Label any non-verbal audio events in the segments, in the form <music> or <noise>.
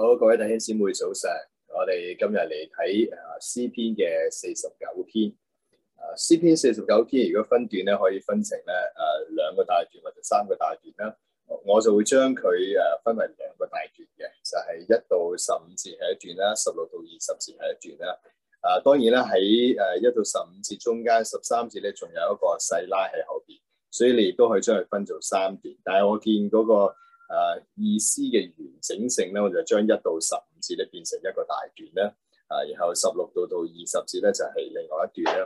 好，各位弟兄姊妹，早上，我哋今日嚟睇啊詩篇嘅四十九篇。啊、呃、詩篇四十九篇，如果分段咧，可以分成咧誒、呃、兩個大段或者三個大段啦。我就會將佢誒分為兩個大段嘅，就係、是、一到十五節係一段啦，十六到二十節係一段啦。啊、呃，當然啦，喺誒一到十五節中間，十三節咧仲有一個細拉喺後邊，所以你亦都可以將佢分做三段。但係我見嗰、那個。誒、啊、意思嘅完整性咧，我就將一到十五字咧變成一個大段啦。啊，然後十六度到二十字咧就係、是、另外一段咧。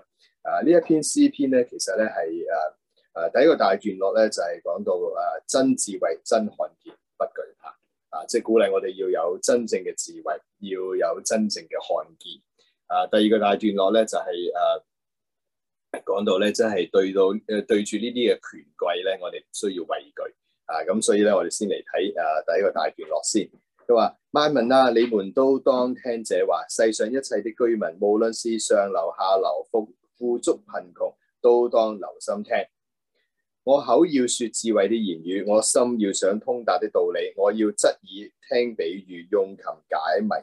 啊，篇詩篇呢一篇詩篇咧，其實咧係誒誒第一個大段落咧，就係、是、講到誒、啊、真智慧真看見不懼嚇，啊，即係鼓勵我哋要有真正嘅智慧，要有真正嘅看見。啊，第二個大段落咧就係誒講到咧，即、就、係、是、對到誒對住呢啲嘅權貴咧，我哋唔需要畏懼。.啊，咁所以咧，我哋先嚟睇啊，第一個大段落先。佢話：萬民啊，你們都當聽者話，世上一切的居民，無論是上流下流、富富足貧窮，都當留心聽。我口要說智慧的言語，我心要想通達的道理。我要側耳聽比喻，用琴解謎語。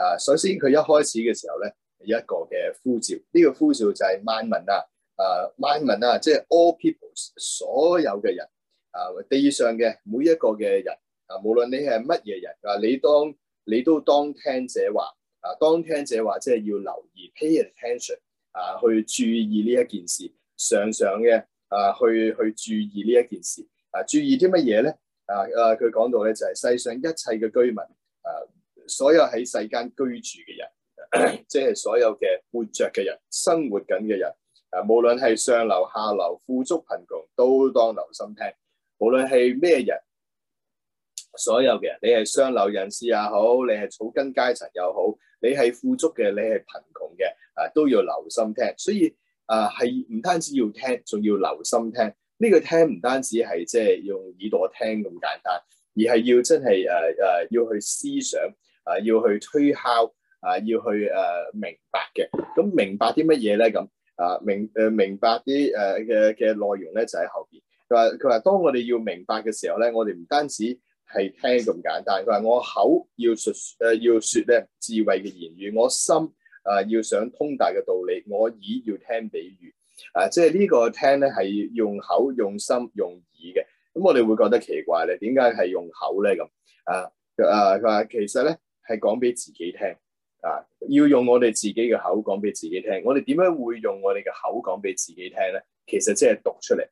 啊，首先佢一開始嘅時候咧，一個嘅呼召，呢、這個呼召就係萬民啊，man, 啊，萬民啊，即係 all peoples，所有嘅人。啊！地上嘅每一個嘅人，啊，無論你係乜嘢人，啊，你當你都當聽者話，啊，當聽者話即係要留意，pay attention，啊，去注意呢一件事，常常嘅，啊，去去注意呢一件事，啊，注意啲乜嘢咧？啊，啊，佢講到咧就係、是、世上一切嘅居民，啊，所有喺世間居住嘅人，啊、即係所有嘅活着嘅人，生活緊嘅人，啊，無論係上流下流，富足貧窮，都當留心聽。無論係咩人，所有嘅人，你係上流人士也好，你係草根階層又好，你係富足嘅，你係貧窮嘅，啊都要留心聽。所以啊，係唔單止要聽，仲要留心聽。呢、這個聽唔單止係即係用耳朵聽咁簡單，而係要真係誒誒要去思想，啊要去推敲，啊要去誒、啊、明白嘅。咁明白啲乜嘢咧？咁啊明誒明白啲誒嘅嘅內容咧，就喺後邊。佢話佢話，當我哋要明白嘅時候咧，我哋唔單止係聽咁簡單。佢話我口要說誒、呃，要說咧智慧嘅言語；我心啊、呃、要想通達嘅道理；我耳要聽比喻。啊、呃，即係呢個聽咧係用口、用心、用耳嘅。咁、嗯、我哋會覺得奇怪咧，點解係用口咧咁？啊、呃、啊，佢、呃、話其實咧係講俾自己聽啊、呃，要用我哋自己嘅口講俾自己聽。我哋點樣會用我哋嘅口講俾自己聽咧？其實即係讀出嚟。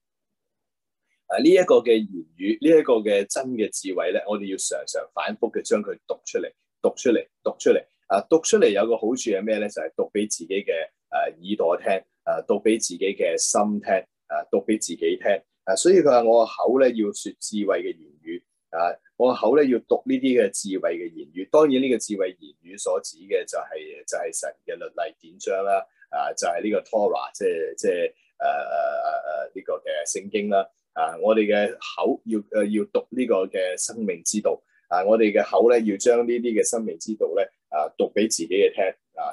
啊！呢、這、一個嘅言語，呢、這、一個嘅真嘅智慧咧，我哋要常常反覆嘅將佢讀出嚟，讀出嚟，讀出嚟。啊，讀出嚟有個好處係咩咧？就係、是、讀俾自己嘅誒耳朵聽，誒、啊、讀俾自己嘅心聽，誒、啊、讀俾自己聽。啊，所以佢話我個口咧要説智慧嘅言語，啊，我個口咧要讀呢啲嘅智慧嘅言語。當然呢個智慧言語所指嘅就係、是、就係、是、神嘅律例典章啦，啊，就係、是、呢個《妥拉》，即係即係誒誒誒誒呢個嘅聖經啦。啊啊！我哋嘅口要誒、呃、要讀呢個嘅生命之道。啊！我哋嘅口咧要將呢啲嘅生命之道咧啊讀俾自己嘅聽。啊！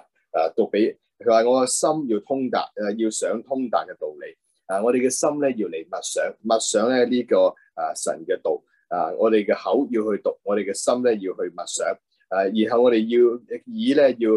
誒讀俾佢話我個心要通達誒、啊，要想通達嘅道理。啊！我哋嘅心咧要嚟默想，默想咧呢、這個啊神嘅道。啊！我哋嘅口要去讀，我哋嘅心咧要去默想。誒、啊，然後我哋要耳咧要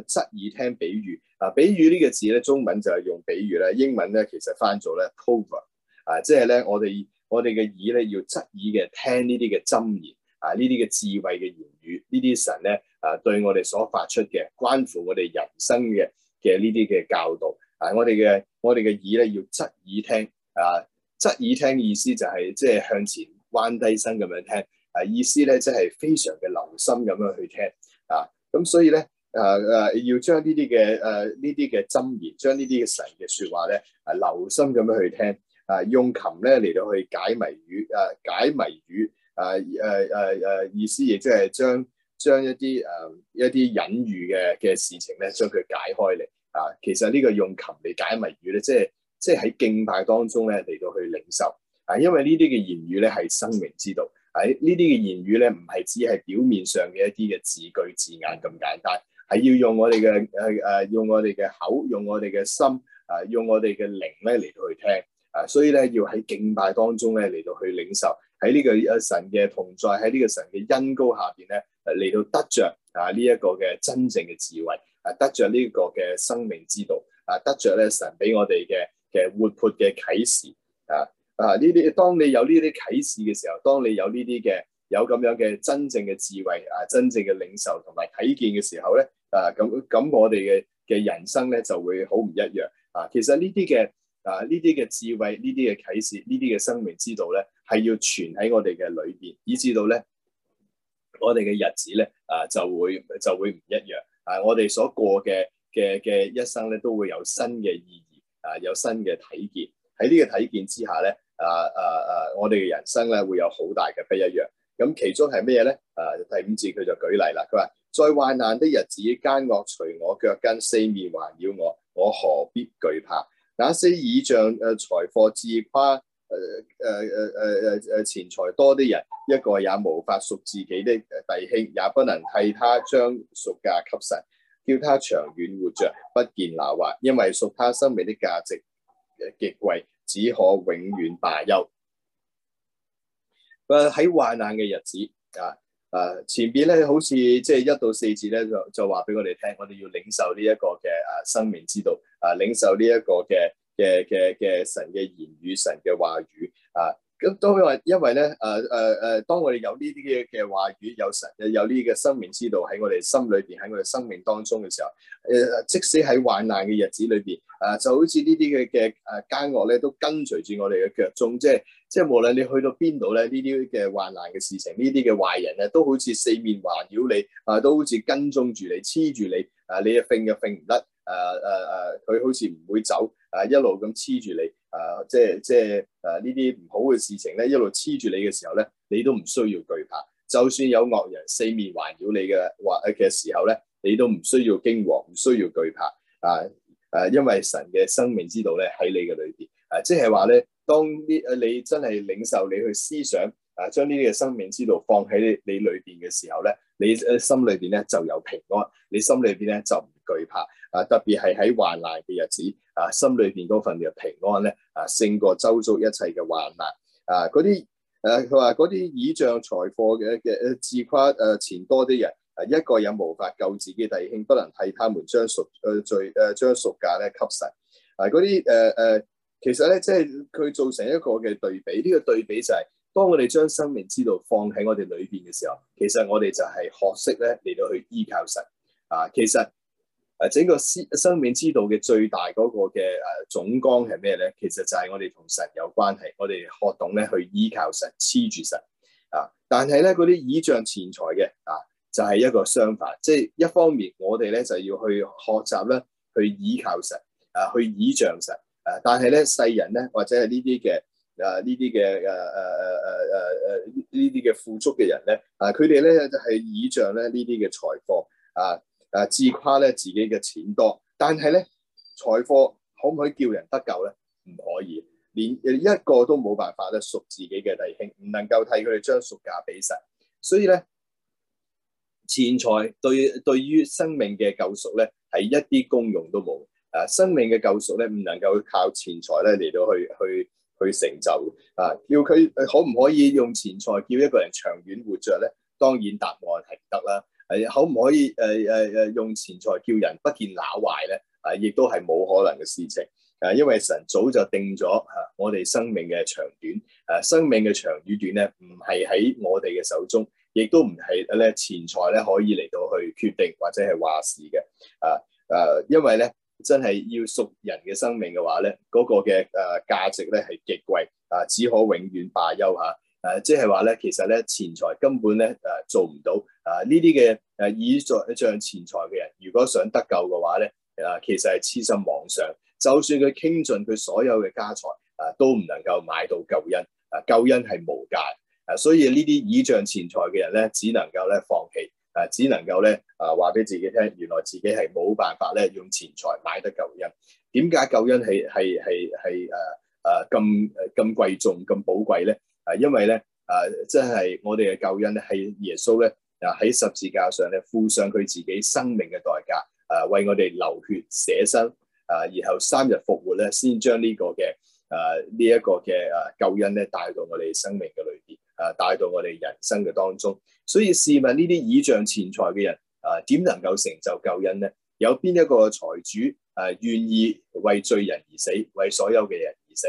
側耳聽比喻。啊，比喻呢個字咧，中文就係用比喻咧，英文咧其實翻做咧 proverb。啊，即係咧，我哋我哋嘅耳咧要側耳嘅聽呢啲嘅箴言。啊呢啲嘅智慧嘅言語，呢啲神咧啊對我哋所發出嘅關乎我哋人生嘅嘅呢啲嘅教導，啊我哋嘅我哋嘅耳咧要側耳聽，啊側耳聽意思就係即係向前彎低身咁樣聽，啊意思咧即係非常嘅留心咁樣去聽，啊咁所以咧，誒、啊、誒、啊、要將呢啲嘅誒呢啲嘅箴言，將呢啲嘅神嘅說話咧，啊留心咁樣去聽。啊！用琴咧嚟到去解謎語，啊解謎語，啊誒誒誒意思亦即係將將一啲誒、啊、一啲隱喻嘅嘅事情咧，將佢解開嚟啊。其實呢個用琴嚟解謎語咧，即係即係喺敬拜當中咧嚟到去領受啊。因為呢啲嘅言語咧係生命之道，係呢啲嘅言語咧唔係只係表面上嘅一啲嘅字句字眼咁簡單，係要用我哋嘅誒誒用我哋嘅口，用我哋嘅心，啊用我哋嘅靈咧嚟到去聽。啊，所以咧要喺敬拜當中咧嚟到去領受喺呢個啊神嘅同在，喺呢個神嘅恩膏下邊咧嚟到得着啊呢一個嘅真正嘅智慧，啊，得着，啊得着呢個嘅生命之道，啊得着咧神俾我哋嘅嘅活潑嘅啟示啊啊呢啲，當你有呢啲啟示嘅時候，當你有呢啲嘅有咁樣嘅真正嘅智慧啊，真正嘅領受同埋睇見嘅時候咧，啊咁咁我哋嘅嘅人生咧就會好唔一樣啊。其實呢啲嘅。啊！呢啲嘅智慧，呢啲嘅啟示，呢啲嘅生命之道咧，係要存喺我哋嘅裏邊，以至到咧我哋嘅日子咧啊，就會就會唔一樣。啊，我哋所過嘅嘅嘅一生咧，都會有新嘅意義啊，有新嘅體見。喺呢個體見之下咧，啊啊啊，我哋嘅人生咧會有好大嘅不一樣。咁其中係咩咧？啊，第五節佢就舉例啦，佢話在患難的日子，奸惡隨我腳跟，四面環繞我，我何必懼怕？那些倚仗誒財貨自誇，誒誒誒誒誒誒，錢財多啲人，一個也無法贖自己的弟兄，也不能替他將贖價給神，叫他長遠活着不見拿華，因為贖他生命的價值極貴，只可永遠罷休。誒、呃、喺患難嘅日子啊！啊，前面咧好似即係一到四節咧，就就話俾我哋聽，我哋要領受呢一個嘅啊生命之道，啊領受呢一個嘅嘅嘅嘅神嘅言語，神嘅話語啊。咁都話，因為咧，誒誒誒，當我哋有呢啲嘅嘅話語，有神，有呢嘅生命之道喺我哋心裏邊，喺我哋生命當中嘅時候，誒、呃，即使喺患難嘅日子裏邊，誒、呃，就好似呢啲嘅嘅誒間惡奸惡咧，都跟隨住我哋嘅腳蹤，即係即係無論你去到邊度咧，呢啲嘅患難嘅事情，壞呢啲嘅壞人咧，都好似四面環繞你，啊、呃，都好似跟蹤住你，黐住你，啊、呃，你又揈，又揈唔甩，誒誒誒，佢、呃、好似唔會走，啊，一路咁黐住你。啊，即係即係，誒呢啲唔好嘅事情咧，一路黐住你嘅時候咧，你都唔需要懼怕。就算有惡人四面環繞你嘅話嘅時候咧，你都唔需要驚惶，唔需要懼怕。啊誒、啊，因為神嘅生命之道咧喺你嘅裏邊。啊，即係話咧，當呢誒、啊、你真係領受你去思想，啊將呢啲嘅生命之道放喺你，你裏邊嘅時候咧，你誒、啊、心裏邊咧就有平安，你心裏邊咧就懼怕啊！特別係喺患難嘅日子啊，心裏邊嗰份嘅平安咧啊，勝過周遭一切嘅患難啊！嗰啲誒，佢話嗰啲倚仗財貨嘅嘅誒自誇誒錢多啲人啊，一個人無法救自己弟兄，不能替他們將贖誒罪誒將贖價咧吸神啊！嗰啲誒誒，其實咧即係佢造成一個嘅對比，呢、這個對比就係、是、當我哋將生命之道放喺我哋裏邊嘅時候，其實我哋就係學識咧嚟到去依靠神啊！其實。誒整個生生命之道嘅最大嗰個嘅誒總綱係咩咧？其實就係我哋同神有關係，我哋學懂咧去依靠神，黐住神啊！但係咧嗰啲倚仗錢財嘅啊，就係一個相反，即係一方面我哋咧就要去學習咧去倚靠神啊，去倚仗神啊，但係咧世人咧或者係呢啲嘅誒呢啲嘅誒誒誒誒誒誒呢啲嘅富足嘅人咧啊，佢哋咧就係倚仗咧呢啲嘅財貨啊。誒自誇咧自己嘅錢多，但係咧財貨可唔可以叫人得救咧？唔可以，連一個都冇辦法咧，贖自己嘅弟兄，唔能夠替佢哋將贖價俾晒。所以咧，錢財對對於生命嘅救贖咧，係一啲功用都冇。誒、啊，生命嘅救贖咧，唔能夠靠錢財咧嚟到去去去成就。啊，叫佢可唔可以用錢財叫一個人長遠活著咧？當然答案係唔得啦。可唔可以誒誒誒用錢財叫人不見朽壞咧？啊，亦都係冇可能嘅事情。啊，因為神早就定咗嚇、啊、我哋生命嘅長短。誒、啊，生命嘅長與短咧，唔係喺我哋嘅手中，亦都唔係咧錢財咧可以嚟到去決定或者係話事嘅。啊誒、啊，因為咧真係要贖人嘅生命嘅話咧，嗰、那個嘅誒價值咧係極貴啊，只可永遠罷休嚇。誒，即係話咧，其實咧，錢財根本咧，誒、呃，做唔到。啊，呢啲嘅誒倚仗、倚仗錢財嘅人，如果想得救嘅話咧，誒、啊，其實係痴心妄想。就算佢傾盡佢所有嘅家財，啊，都唔能夠買到救恩。啊，救恩係無價。啊，所以呢啲倚仗錢財嘅人咧，只能夠咧放棄。誒，只能夠咧，啊，話俾自己聽，原來自己係冇辦法咧，用錢財買得救恩。啊，點解救恩係係係係誒誒咁咁貴重咁寶貴咧？啊，因為咧，啊，即係我哋嘅救恩咧，係耶穌咧，啊喺十字架上咧，付上佢自己生命嘅代價，啊，為我哋流血捨身，啊，然後三日復活咧，先將呢個嘅，啊，呢一個嘅啊救恩咧，帶到我哋生命嘅裏邊，啊，帶到我哋人生嘅當中。所以試問呢啲倚仗錢財嘅人，啊，點能夠成就救恩咧？有邊一個財主啊，願意為罪人而死，為所有嘅人而死？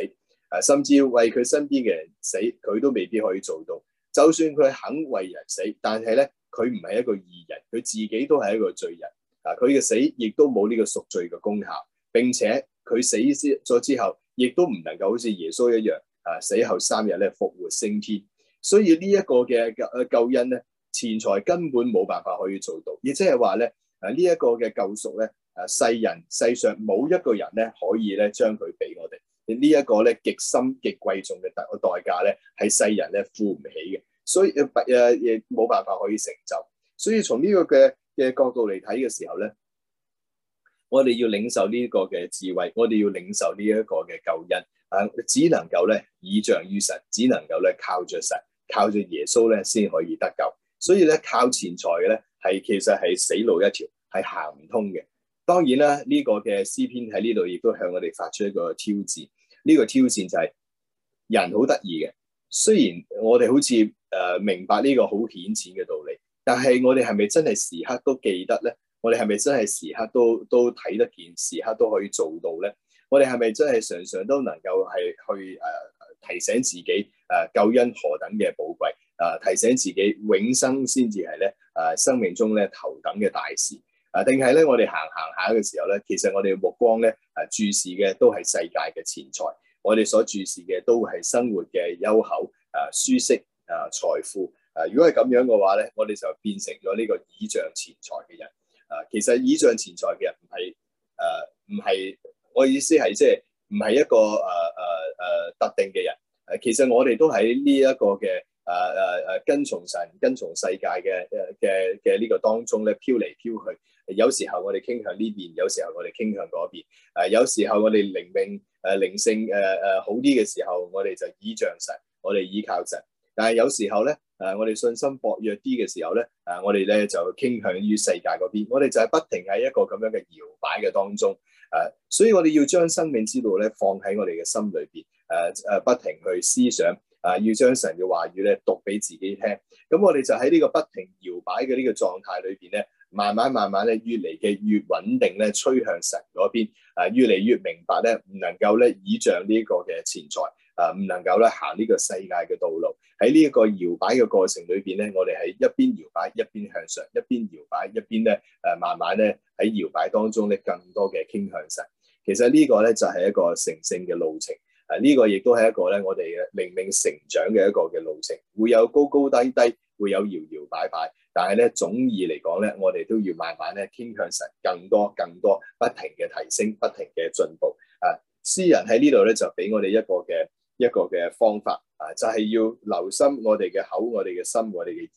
啊，甚至為佢身邊嘅人死，佢都未必可以做到。就算佢肯為人死，但係咧，佢唔係一個義人，佢自己都係一個罪人。啊，佢嘅死亦都冇呢個贖罪嘅功效，並且佢死咗之後，亦都唔能夠好似耶穌一樣啊，死後三日咧復活升天。所以呢一個嘅救、救恩咧，錢財根本冇辦法可以做到，亦即係話咧，啊呢一個嘅救贖咧，啊世人世上冇一個人咧可以咧將佢俾我哋。呢一個咧極深極貴重嘅代個代價咧，係世人咧付唔起嘅，所以誒亦誒冇辦法可以成就。所以從呢個嘅嘅角度嚟睇嘅時候咧，我哋要領受呢個嘅智慧，我哋要領受呢一個嘅救恩。誒、啊、只能夠咧倚仗於神，只能夠咧靠著神，靠著耶穌咧先可以得救。所以咧靠錢財嘅咧，係其實係死路一條，係行唔通嘅。當然啦，呢、這個嘅詩篇喺呢度亦都向我哋發出一個挑戰。呢、這個挑戰就係、是、人好得意嘅，雖然我哋好似誒、呃、明白呢個好顯淺嘅道理，但係我哋係咪真係時刻都記得咧？我哋係咪真係時刻都都睇得見、時刻都可以做到咧？我哋係咪真係常常都能夠係去誒、呃、提醒自己誒、呃、救恩何等嘅寶貴？誒、呃、提醒自己永生先至係咧誒生命中咧頭等嘅大事。啊，定係咧？我哋行行下嘅時候咧，其實我哋目光咧，啊，注視嘅都係世界嘅錢財，我哋所注視嘅都係生活嘅優厚、啊舒適、啊財富。啊，如果係咁樣嘅話咧，我哋就變成咗呢個倚仗錢財嘅人。啊，其實倚仗錢財嘅人唔係，誒唔係，我意思係即係唔係一個誒誒誒特定嘅人。誒、啊，其實我哋都喺呢一個嘅。誒誒誒，跟從神，跟從世界嘅嘅嘅呢個當中咧，飄嚟飄去。有時候我哋傾向呢邊，有時候我哋傾向嗰邊。誒、啊，有時候我哋靈命誒、啊、靈性誒誒、啊啊、好啲嘅時候，我哋就倚仗神，我哋依靠神。但係有時候咧，誒、啊、我哋信心薄弱啲嘅時候咧，誒、啊、我哋咧就傾向於世界嗰邊。我哋就係不停喺一個咁樣嘅搖擺嘅當中。誒、啊，所以我哋要將生命之路咧放喺我哋嘅心裏面。誒、啊、誒、啊，不停去思想。啊！要將神嘅話語咧讀俾自己聽，咁我哋就喺呢個不停搖擺嘅呢個狀態裏邊咧，慢慢慢慢咧越嚟嘅越穩定咧，趨向神嗰邊。啊，越嚟越明白咧，唔能夠咧倚仗呢個嘅錢財，啊，唔能夠咧行呢個世界嘅道路。喺呢個搖擺嘅過程裏邊咧，我哋係一邊搖擺一邊向上，一邊搖擺一邊咧，誒、呃、慢慢咧喺搖擺當中咧更多嘅傾向神。其實呢個咧就係一個成聖嘅路程。呢個亦都係一個咧，我哋嘅命命成長嘅一個嘅路程，會有高高低低，會有搖搖擺擺，但係咧總而嚟講咧，我哋都要慢慢咧，傾向神更多、更多，不停嘅提升，不停嘅進步。啊！詩人喺呢度咧，就俾我哋一個嘅一個嘅方法，啊，就係、是、要留心我哋嘅口、我哋嘅心、我哋嘅耳，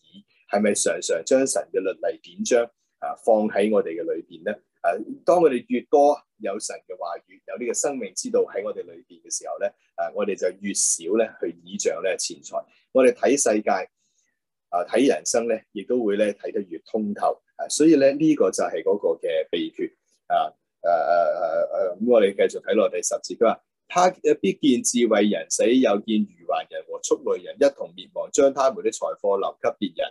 係咪常常將神嘅律例典章啊放喺我哋嘅裏邊咧？誒、啊，當我哋越多有神嘅話語，越有呢個生命之道喺我哋裏邊嘅時候咧，誒、啊，我哋就越少咧去倚仗咧錢財，我哋睇世界，誒、啊，睇人生咧，亦都會咧睇得越通透。啊、所以咧，呢、這個就係嗰個嘅秘訣。啊，誒誒誒誒，咁、啊啊、我哋繼續睇落第十節，佢話：他必見智慧人死有如人，又見愚頑人和畜類人一同滅亡，將他們啲財貨留給別人。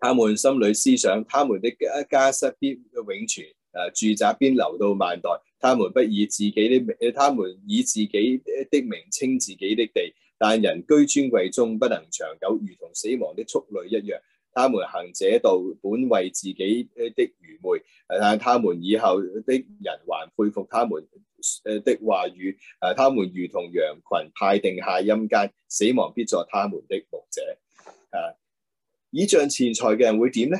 他們心裏思想，他們的家家室必永存，誒、啊、住宅必留到萬代。他們不以自己的名，他們以自己的名稱自己的地。但人居尊貴中不能長久，如同死亡的畜類一樣。他們行這道，本為自己的愚昧、啊，但他們以後的人還佩服他們誒的話語。誒、啊、他們如同羊群派定下陰間，死亡必作他們的牧者。誒、啊。倚仗錢財嘅人會點咧？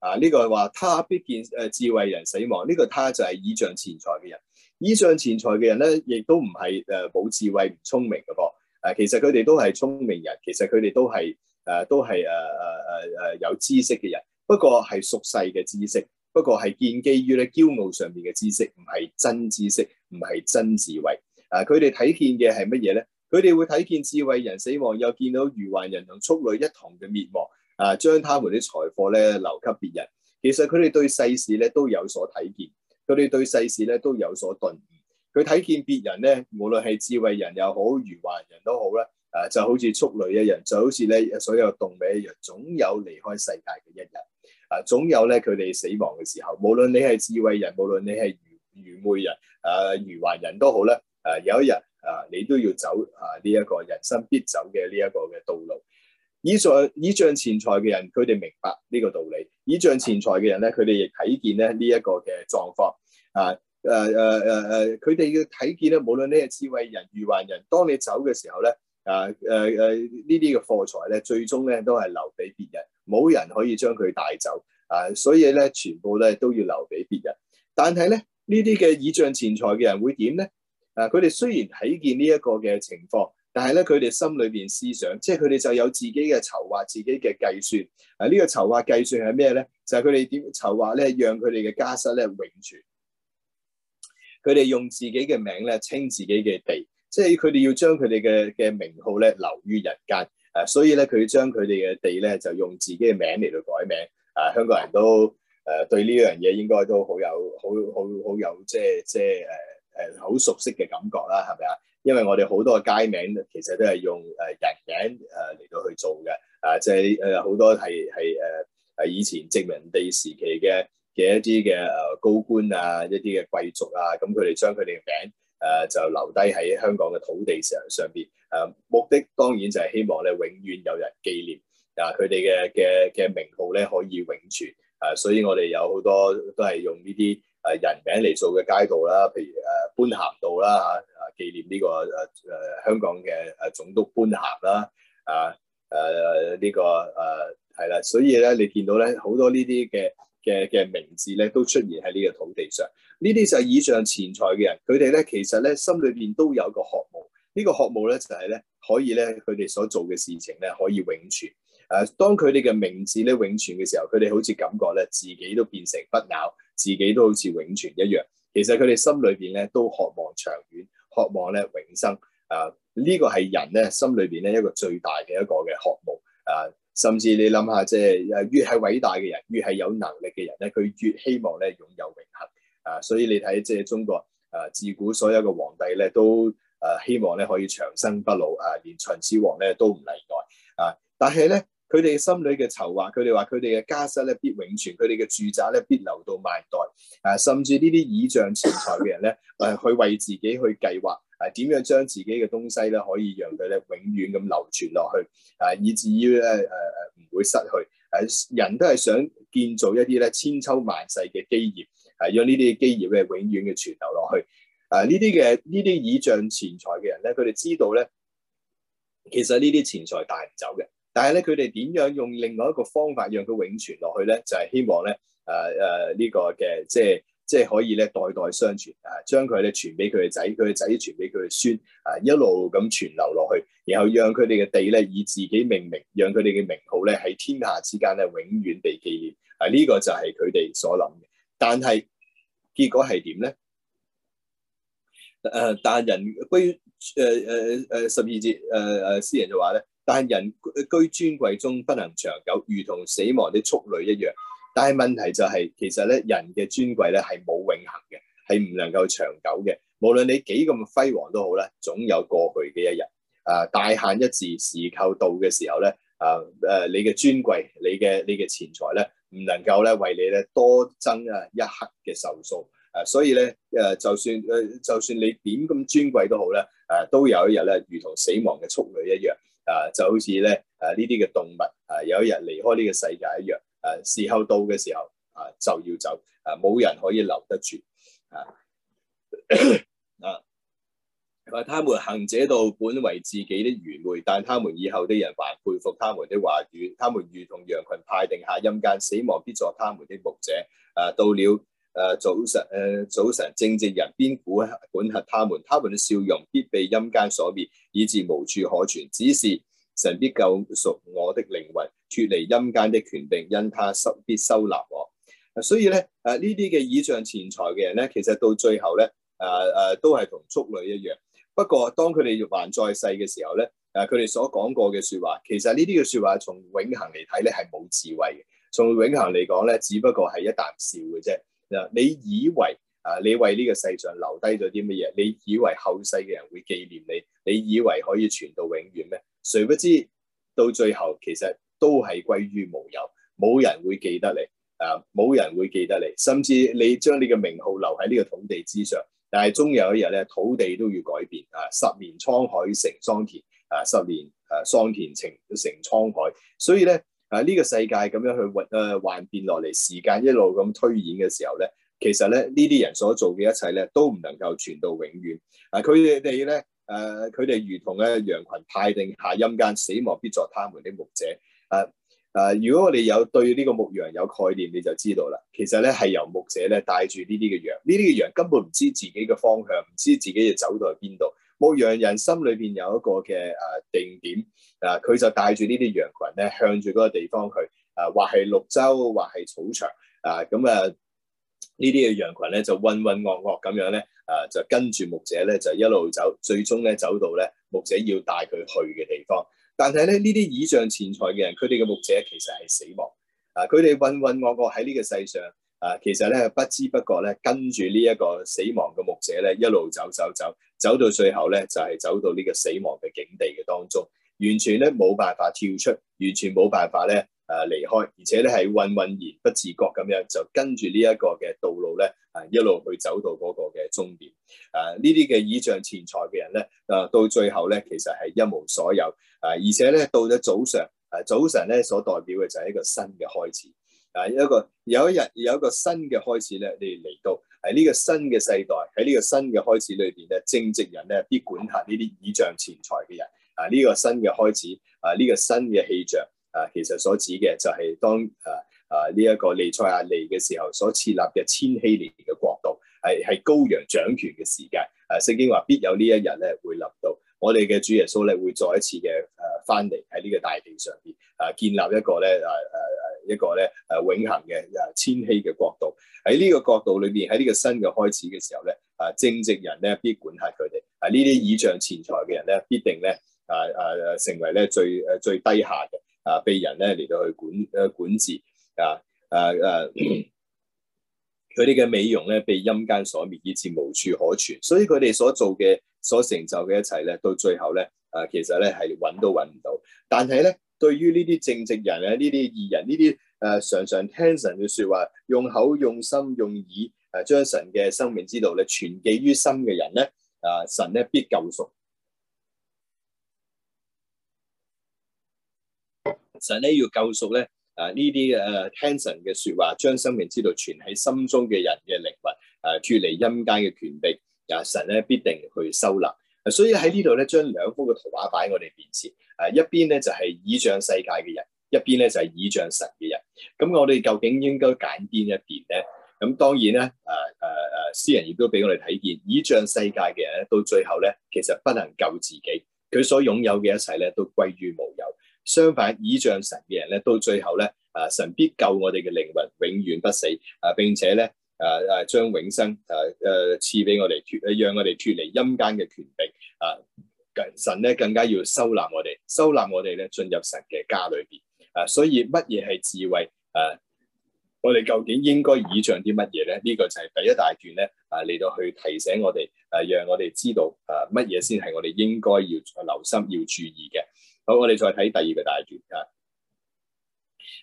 啊，呢個係話他必見誒智慧人死亡。呢個他就係倚仗錢財嘅人。倚仗錢財嘅人咧，亦都唔係誒冇智慧唔聰明嘅噃。誒，其實佢哋都係聰明人，其實佢哋都係誒都係誒誒誒誒有知識嘅人。不過係俗世嘅知識，不過係建基於咧驕傲上面嘅知識，唔係真知識，唔係真智慧。誒，佢哋睇見嘅係乜嘢咧？佢哋會睇見智慧人死亡，又見到愚頑人同畜類一同嘅滅亡。啊！將他們啲財貨咧留給別人，其實佢哋對世事咧都有所睇見，佢哋對世事咧都有所頓悟。佢睇見別人咧，無論係智慧人又好，愚頑人都好咧，啊，就好似畜類一樣，就好似咧所有動物一樣，總有離開世界嘅一日，啊，總有咧佢哋死亡嘅時候。無論你係智慧人，無論你係愚愚昧人，啊，愚頑人都好咧，啊，有一日啊，你都要走啊呢一個人生必走嘅呢一個嘅道路。倚仗倚仗錢財嘅人，佢哋明白呢個道理。倚仗錢財嘅人咧，佢哋亦睇見咧呢一個嘅狀況。啊誒誒誒誒，佢哋要睇見咧，無論呢個智慧人、愚頑人，當你走嘅時候咧，啊誒誒、啊啊、呢啲嘅貨財咧，最終咧都係留俾別人，冇人可以將佢帶走。啊，所以咧全部咧都要留俾別人。但係咧呢啲嘅倚仗錢財嘅人會點咧？啊，佢哋雖然睇見呢一個嘅情況。但係咧，佢哋心裏邊思想，即係佢哋就有自己嘅籌劃、自己嘅計算。啊，呢、這個籌劃計算係咩咧？就係佢哋點籌劃咧，讓佢哋嘅家室咧永存。佢哋用自己嘅名咧稱自己嘅地，即係佢哋要將佢哋嘅嘅名號咧留於人間。誒、啊，所以咧佢將佢哋嘅地咧就用自己嘅名嚟到改名。誒、啊，香港人都誒、呃、對呢樣嘢應該都好有好好好有即係即係誒誒好熟悉嘅感覺啦，係咪啊？因為我哋好多街名其實都係用誒人名誒嚟、呃、到去做嘅，啊、呃、即係誒好多係係誒係以前殖民地時期嘅嘅一啲嘅誒高官啊，一啲嘅貴族啊，咁佢哋將佢哋嘅名誒、呃、就留低喺香港嘅土地上上邊，誒、呃、目的當然就係希望咧永遠有人紀念啊佢哋嘅嘅嘅名號咧可以永存，啊、呃、所以我哋有好多都係用呢啲。誒，人名嚟做嘅街道啦，譬如誒，般咸道啦吓，啊，紀念呢、這個誒誒、啊，香港嘅誒總督般咸啦，啊誒呢、啊這個誒係啦，所以咧，你見到咧好多呢啲嘅嘅嘅名字咧，都出現喺呢個土地上。呢啲就係以上錢財嘅人，佢哋咧其實咧心裏邊都有一個渴望，這個、學呢個渴望咧就係、是、咧可以咧佢哋所做嘅事情咧可以永存。誒、啊，當佢哋嘅名字咧永存嘅時候，佢哋好似感覺咧自己都變成不朽。自己都好似永存一樣，其實佢哋心裏邊咧都渴望長遠，渴望咧永生。啊、呃，這個、呢個係人咧心裏邊咧一個最大嘅一個嘅渴望。啊、呃，甚至你諗下，即係越係偉大嘅人，越係有能力嘅人咧，佢越希望咧擁有永恆。啊、呃，所以你睇即係中國啊、呃，自古所有嘅皇帝咧都啊、呃、希望咧可以長生不老。啊、呃，連秦始皇咧都唔例外。啊、呃，但係咧。佢哋心裏嘅籌劃，佢哋話佢哋嘅家室咧必永存，佢哋嘅住宅咧必留到萬代。啊，甚至呢啲倚仗錢財嘅人咧，誒、啊，佢為自己去計劃，誒、啊，點樣將自己嘅東西咧，可以讓佢咧永遠咁流傳落去，誒、啊，以至於咧誒誒唔會失去。誒、啊，人都係想建造一啲咧千秋萬世嘅基業，係、啊、讓呢啲基業咧永遠嘅傳流落去。誒、啊，呢啲嘅呢啲倚仗錢財嘅人咧，佢哋知道咧，其實呢啲錢財帶唔走嘅。但係咧，佢哋點樣用另外一個方法讓佢永存落去咧？就係、是、希望咧，誒誒呢個嘅即係即係可以咧代代相傳啊，將佢咧傳俾佢嘅仔，佢嘅仔傳俾佢嘅孫啊，一路咁傳流落去，然後讓佢哋嘅地咧以自己命名，讓佢哋嘅名號咧喺天下之間咧永遠被紀念啊！呢、這個就係佢哋所諗嘅。但係結果係點咧？誒、呃，但人歸誒誒誒十二節誒誒，詩、呃、人就話咧。但係人居尊貴中不能長久，如同死亡的畜類一樣。但係問題就係、是，其實咧人嘅尊貴咧係冇永恒嘅，係唔能夠長久嘅。無論你幾咁輝煌都好咧，總有過去嘅一日。啊、呃，大限一至時，到到嘅時候咧，啊、呃、誒，你嘅尊貴、你嘅你嘅錢財咧，唔能夠咧為你咧多增啊一刻嘅壽數。誒、呃，所以咧誒、呃，就算誒、呃、就算你點咁尊貴都好咧，誒、呃，都有一日咧，如同死亡嘅畜類一樣。啊，就好似咧，啊呢啲嘅動物，啊有一日離開呢個世界一樣，啊時候到嘅時候，啊就要走，啊冇人可以留得住，啊 <coughs> 啊，佢話他們行這道本為自己的愚昧，但他們以後的人還佩服他們的話語，他們如同羊群派定下陰間，死亡必作他們的牧者，啊到了。誒、啊，早晨誒、啊，早晨正直人邊管管轄他們，他們嘅笑容必被陰間所滅，以致無處可存。只是神必救贖我的靈魂，脱離陰間的權柄，因他收必收納我。啊、所以咧，啊呢啲嘅倚仗錢財嘅人咧，其實到最後咧，誒、啊、誒、啊，都係同畜類一樣。不過當佢哋還在世嘅時候咧，啊，佢哋所講過嘅說話，其實呢啲嘅說話從永恒嚟睇咧係冇智慧嘅，從永恒嚟講咧，只不過係一啖笑嘅啫。你以為啊，你為呢個世上留低咗啲乜嘢？你以為後世嘅人會紀念你？你以為可以傳到永遠咩？誰不知到最後其實都係歸於無有，冇人會記得你啊！冇人會記得你，甚至你將你嘅名號留喺呢個土地之上，但係終有一日咧，土地都要改變啊！十年滄海成桑田啊，十年啊桑田成成滄海，所以咧。啊！呢、這個世界咁樣去混、呃、幻變落嚟，時間一路咁推演嘅時候咧，其實咧呢啲人所做嘅一切咧，都唔能夠傳到永遠。啊！佢哋咧誒，佢、啊、佢哋如同嘅羊群，派定下陰間，死亡必作他們的牧者。誒、啊、誒、啊，如果我哋有對呢個牧羊有概念，你就知道啦。其實咧係由牧者咧帶住呢啲嘅羊，呢啲嘅羊根本唔知自己嘅方向，唔知自己嘅走到去邊度。牧羊人心裏邊有一個嘅誒定點，誒、啊、佢就帶住呢啲羊群咧，向住嗰個地方去，誒或係綠洲，或係草場，啊咁啊呢啲嘅羊群咧就混混噩噩咁樣咧，誒、啊、就跟住牧者咧就一路走，最終咧走到咧牧者要帶佢去嘅地方。但係咧呢啲倚仗錢財嘅人，佢哋嘅牧者其實係死亡，啊佢哋混混噩噩喺呢個世上，啊其實咧不知不覺咧跟住呢一個死亡嘅牧者咧一路走走走。走到最後咧，就係、是、走到呢個死亡嘅境地嘅當中，完全咧冇辦法跳出，完全冇辦法咧誒、呃、離開，而且咧係混混然不自覺咁樣就跟住呢一個嘅道路咧，誒、啊、一路去走到嗰個嘅終點。誒呢啲嘅倚仗錢財嘅人咧，誒、啊、到最後咧其實係一無所有。誒、啊、而且咧到咗早上，誒、啊、早晨咧所代表嘅就係一個新嘅開始。誒、啊、一個有一日有一個新嘅開始咧，你嚟到，喺呢個新嘅世代，喺呢個新嘅開始裏邊咧，正直人咧必管轄呢啲倚仗錢財嘅人。啊，呢、這個新嘅開始，啊，呢、這個新嘅氣象，啊，其實所指嘅就係當啊啊呢一、這個彌賽亞嚟嘅時候所設立嘅千禧年嘅國度，係係羔羊掌權嘅時間。啊，聖經話必有一呢一日咧會臨到，我哋嘅主耶穌咧會再一次嘅誒翻嚟喺呢個大地上面，啊，建立一個咧啊。一個咧誒、啊，永恆嘅誒，千禧嘅國度喺呢個角度裏邊，喺呢個新嘅開始嘅時候咧，啊，正直人咧必管轄佢哋，啊，才呢啲倚仗錢財嘅人咧必定咧，啊啊成為咧最誒、啊、最低下嘅啊，被人咧嚟到去管誒管治啊啊啊，佢哋嘅美容咧被陰間所滅，以至無處可存，所以佢哋所做嘅所成就嘅一切咧，到最後咧啊，其實咧係揾都揾唔到，但係咧。對於呢啲正直人咧、呢啲義人、呢啲誒常常聽神嘅説話、用口、用心、用耳誒將神嘅生命之道咧存記於心嘅人咧，啊、呃、神咧必救贖。神咧要救贖咧，啊呢啲誒聽神嘅説話、將生命之道存喺心中嘅人嘅靈魂，誒脱離陰間嘅權柄，啊、呃、神咧必定去收納。所以喺呢度咧，將兩幅嘅圖畫擺喺我哋面前，誒一邊咧就係、是、倚仗世界嘅人，一邊咧就係、是、倚仗神嘅人。咁我哋究竟應該揀邊一邊咧？咁當然咧，誒誒誒，詩、啊、人亦都俾我哋睇見，倚仗世界嘅人咧，到最後咧，其實不能救自己，佢所擁有嘅一切咧，都歸於無有。相反，倚仗神嘅人咧，到最後咧，啊神必救我哋嘅靈魂，永遠不死。啊，並且咧。誒誒，將、啊、永生誒誒賜俾我哋脱，讓我哋脱離陰間嘅權柄。啊，神咧更加要收納我哋，收納我哋咧進入神嘅家裏邊。啊，所以乜嘢係智慧？誒、啊，我哋究竟應該倚仗啲乜嘢咧？呢、這個就係第一大段咧。啊，嚟到去提醒我哋，誒、啊，讓我哋知道誒乜嘢先係我哋應該要留心要注意嘅。好，我哋再睇第二個大段。啊、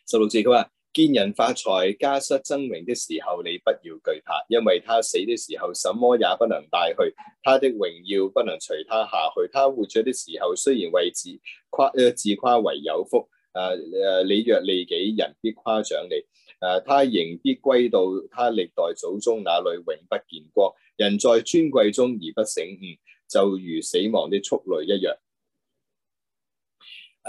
十六四開。見人發財、家室爭榮的時候，你不要懼怕，因為他死的時候，什麼也不能帶去，他的榮耀不能隨他下去。他活着的時候，雖然為自誇，自誇為有福，誒、啊、誒，你若利己，人必誇獎你，誒、啊，他仍必歸到他歷代祖宗那裏，永不見光。人在尊貴中而不醒悟，就如死亡的畜類一樣。誒、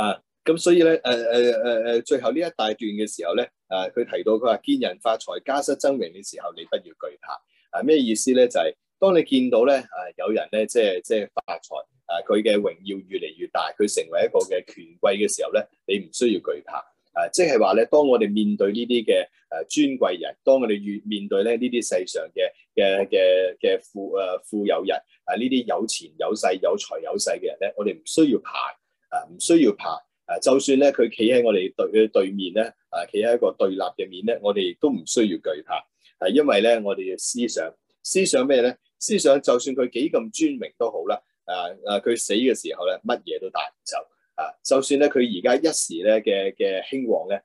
啊。咁所以咧，誒誒誒誒，最後呢一大段嘅時候咧，啊、呃，佢提到佢話見人發財、家室增榮嘅時候，你不要懼怕。啊，咩意思咧？就係、是、當你見到咧，啊，有人咧，即係即係發財，啊，佢嘅榮耀越嚟越大，佢成為一個嘅權貴嘅時候咧，你唔需要懼怕。啊，即係話咧，當我哋面對呢啲嘅誒尊貴人，當我哋越面對咧呢啲世上嘅嘅嘅嘅富誒、呃、富有人，啊，呢啲有錢有勢有財有勢嘅人咧，我哋唔需要怕，啊，唔需要怕。啊啊，就算咧佢企喺我哋對佢對面咧，啊，企喺一個對立嘅面咧，我哋都唔需要懼怕，係、啊、因為咧我哋嘅思想，思想咩咧？思想就算佢幾咁尊榮都好啦，啊啊，佢死嘅時候咧，乜嘢都帶唔走，啊，就算咧佢而家一時咧嘅嘅興旺咧，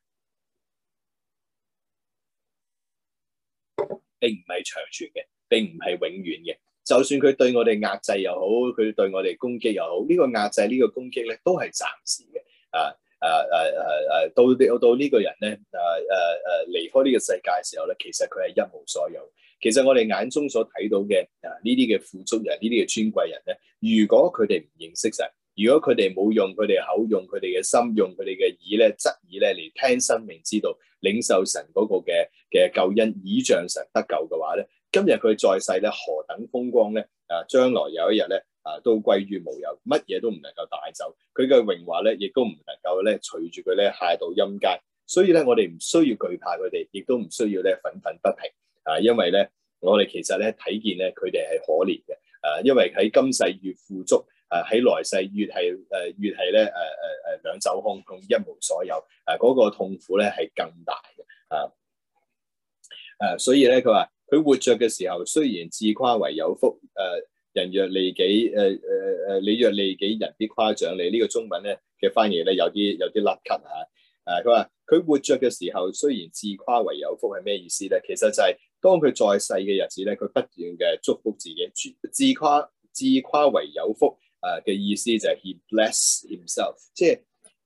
並唔係長存嘅，並唔係永遠嘅。就算佢對我哋壓制又好，佢對我哋攻擊又好，呢、這個壓制呢、這個攻擊咧都係暫時嘅。啊！誒誒誒誒，到到呢個人咧，誒誒誒離開呢個世界嘅時候咧，其實佢係一無所有。其實我哋眼中所睇到嘅啊，呢啲嘅富足人，呢啲嘅尊貴人咧，如果佢哋唔認識神，如果佢哋冇用佢哋口，用佢哋嘅心，用佢哋嘅耳咧，質耳咧嚟聽生命之道，領受神嗰個嘅嘅救恩，倚仗神得救嘅話咧，今日佢在世咧何等風光咧？啊！將來有一日咧。啊，都歸於無有，乜嘢都唔能夠帶走，佢嘅榮華咧，亦都唔能夠咧隨住佢咧下到陰間。所以咧，我哋唔需要懼怕佢哋，亦都唔需要咧憤憤不平啊，因為咧，我哋其實咧睇見咧佢哋係可憐嘅啊，因為喺今世越富足啊，喺來世越係誒、啊、越係咧誒誒誒兩手空空一無所有啊，嗰、那個痛苦咧係更大嘅啊。誒、啊，所以咧佢話佢活着嘅時候雖然自誇為有福誒。啊。人若利己，誒誒誒，你若利己，人必誇獎你。呢個中文咧嘅翻譯咧有啲有啲甩咳吓。誒、啊，佢話佢活着嘅時候雖然自誇為有福係咩意思咧？其實就係、是、當佢在世嘅日子咧，佢不斷嘅祝福自己，自誇自誇為有福。誒嘅意思就係 he bless himself，即係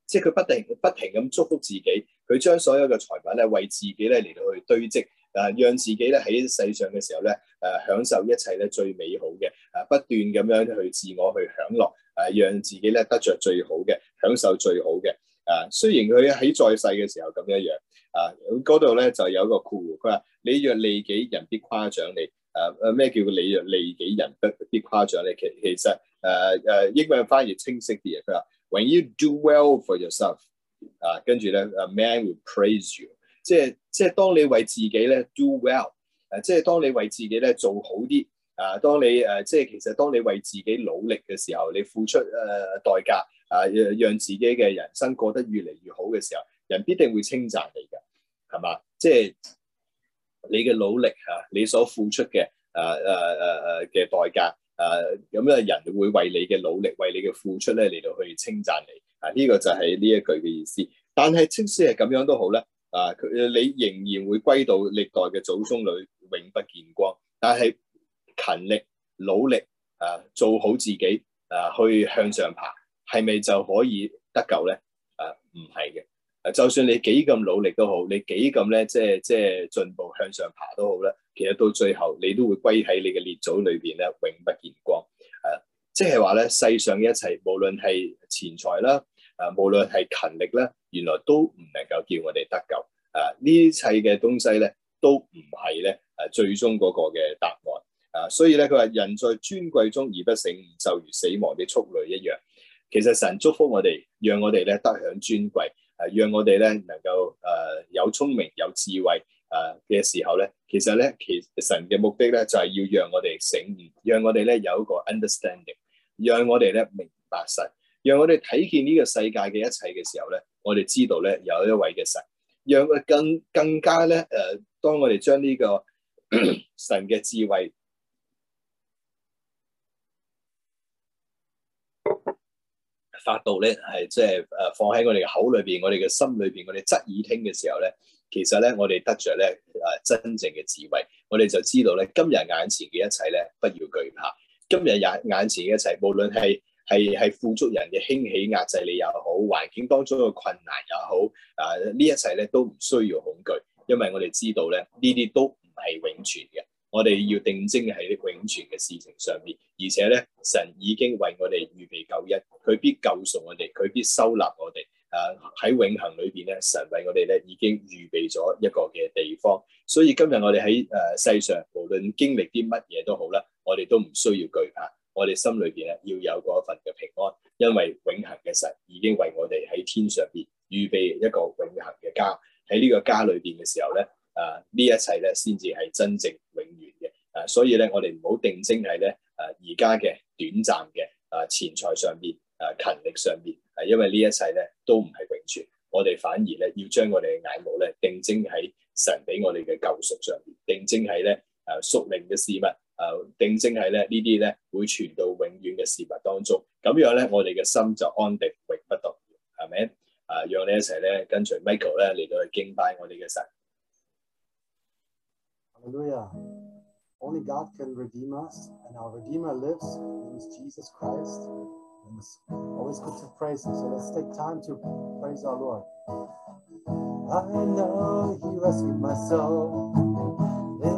即係佢不停不停咁祝福自己，佢將所有嘅財物咧為自己咧嚟到去堆積。啊，讓自己咧喺世上嘅時候咧，誒、呃、享受一切咧最美好嘅，誒、啊、不斷咁樣去自我去享樂，誒、啊、讓自己咧得着最好嘅，享受最好嘅，誒雖然佢喺在，在世嘅時候咁一樣，啊，嗰度咧就有一個括弧，佢話你若利己，人必誇獎你，誒誒咩叫你若利己，人必誇獎你？其其實誒誒、啊啊、英文翻譯清晰啲嘅，佢話 When you do well for yourself，啊跟住咧 A man will praise you。即係即係，當你為自己咧 do well，誒，即係當你為自己咧做好啲，啊，當你誒、啊，即係其實當你為自己努力嘅時候，你付出誒、呃、代價，啊，讓自己嘅人生過得越嚟越好嘅時候，人必定會稱讚你㗎，係嘛？即係你嘅努力吓、啊，你所付出嘅誒誒誒誒嘅代價，誒、啊，咁咧人會為你嘅努力，為你嘅付出咧嚟到去稱讚你，啊，呢、呢個就係呢一句嘅意思。但係即使係咁樣都好咧。啊！佢你仍然會歸到歷代嘅祖宗裏，永不見光。但係勤力努力，努力啊，做好自己啊，去向上爬，係咪就可以得救咧？啊，唔係嘅。就算你幾咁努力都好，你幾咁咧，即係即係進步向上爬都好咧，其實到最後你都會歸喺你嘅列祖裏邊咧，永不見光。誒，啊，即係話咧，世上一切，無論係錢財啦。啊，無論係勤力咧，原來都唔能夠叫我哋得救。啊，呢一切嘅東西咧，都唔係咧，誒、啊，最終嗰個嘅答案。啊，所以咧，佢話：人在尊貴中而不醒悟，就如死亡嘅畜類一樣。其實神祝福我哋，讓我哋咧得享尊貴，誒、啊，讓我哋咧能夠誒、呃、有聰明、有智慧誒嘅、啊、時候咧，其實咧，其神嘅目的咧就係、是、要讓我哋醒悟，讓我哋咧有一個 understanding，讓我哋咧明白神。讓我哋睇見呢個世界嘅一切嘅時候咧，我哋知道咧有一位嘅神，讓佢更更加咧誒、呃，當我哋將呢、這個 <coughs> 神嘅智慧法道咧，係即係誒放喺我哋嘅口裏邊、我哋嘅心裏邊、我哋側耳聽嘅時候咧，其實咧我哋得着咧誒、啊、真正嘅智慧，我哋就知道咧今日眼前嘅一切咧，不要懼怕，今日眼眼前嘅一切，無論係，係係富足人嘅興起壓制你又好，環境當中嘅困難又好，啊呢一切咧都唔需要恐懼，因為我哋知道咧呢啲都唔係永存嘅。我哋要定睛喺啲永存嘅事情上面，而且咧神已經為我哋預備救恩，佢必救贖我哋，佢必收納我哋。啊喺永恆裏邊咧，神為我哋咧已經預備咗一個嘅地方。所以今日我哋喺誒世上，無論經歷啲乜嘢都好啦，我哋都唔需要懼怕。我哋心裏邊咧要有嗰一份嘅平安，因為永恒嘅神已經為我哋喺天上邊預備一個永恒嘅家。喺呢個家裏邊嘅時候咧，誒、呃、呢一切咧先至係真正永遠嘅。誒、呃，所以咧我哋唔好定睛喺咧誒而家嘅短暫嘅誒、呃、錢財上邊誒、呃、勤力上邊，係因為呢一切咧都唔係永存。我哋反而咧要將我哋嘅眼目咧定睛喺神俾我哋嘅救贖上邊，定睛喺咧誒屬靈嘅事物。誒定睛係咧，呢啲咧會傳到永遠嘅事物當中，咁樣咧，我哋嘅心就安定，永不動搖，係咪？誒，讓我哋一齊咧，跟隨 Michael 咧嚟到去敬拜我哋嘅神。阿門。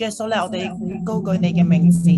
耶穌咧，我哋高舉你嘅名字。